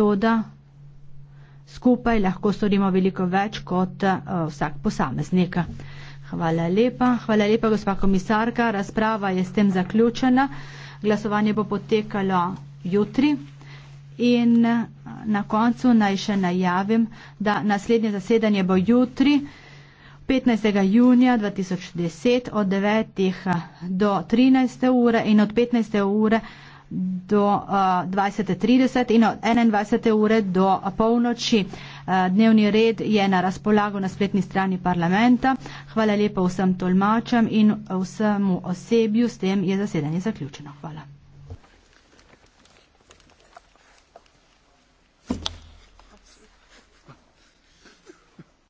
metoda, skupaj lahko storimo veliko več kot uh, vsak posameznik. Hvala lepa. Hvala lepa, gospa komisarka. Razprava je s tem zaključena. Glasovanje bo potekalo jutri. In eh, na koncu naj še najavim, da naslednje zasedanje bo jutri, 15. junija 2010, od 9. Eh, do 13. ure in od 15. ure do uh, eh, 20.30 in od 21. ure do polnoči. Eh, dnevni red je na razpolago na spletni strani parlamenta. Hvala lepa vsem tolmačem in vsemu osebju. S tem je zasedanje zaključeno. Hvala.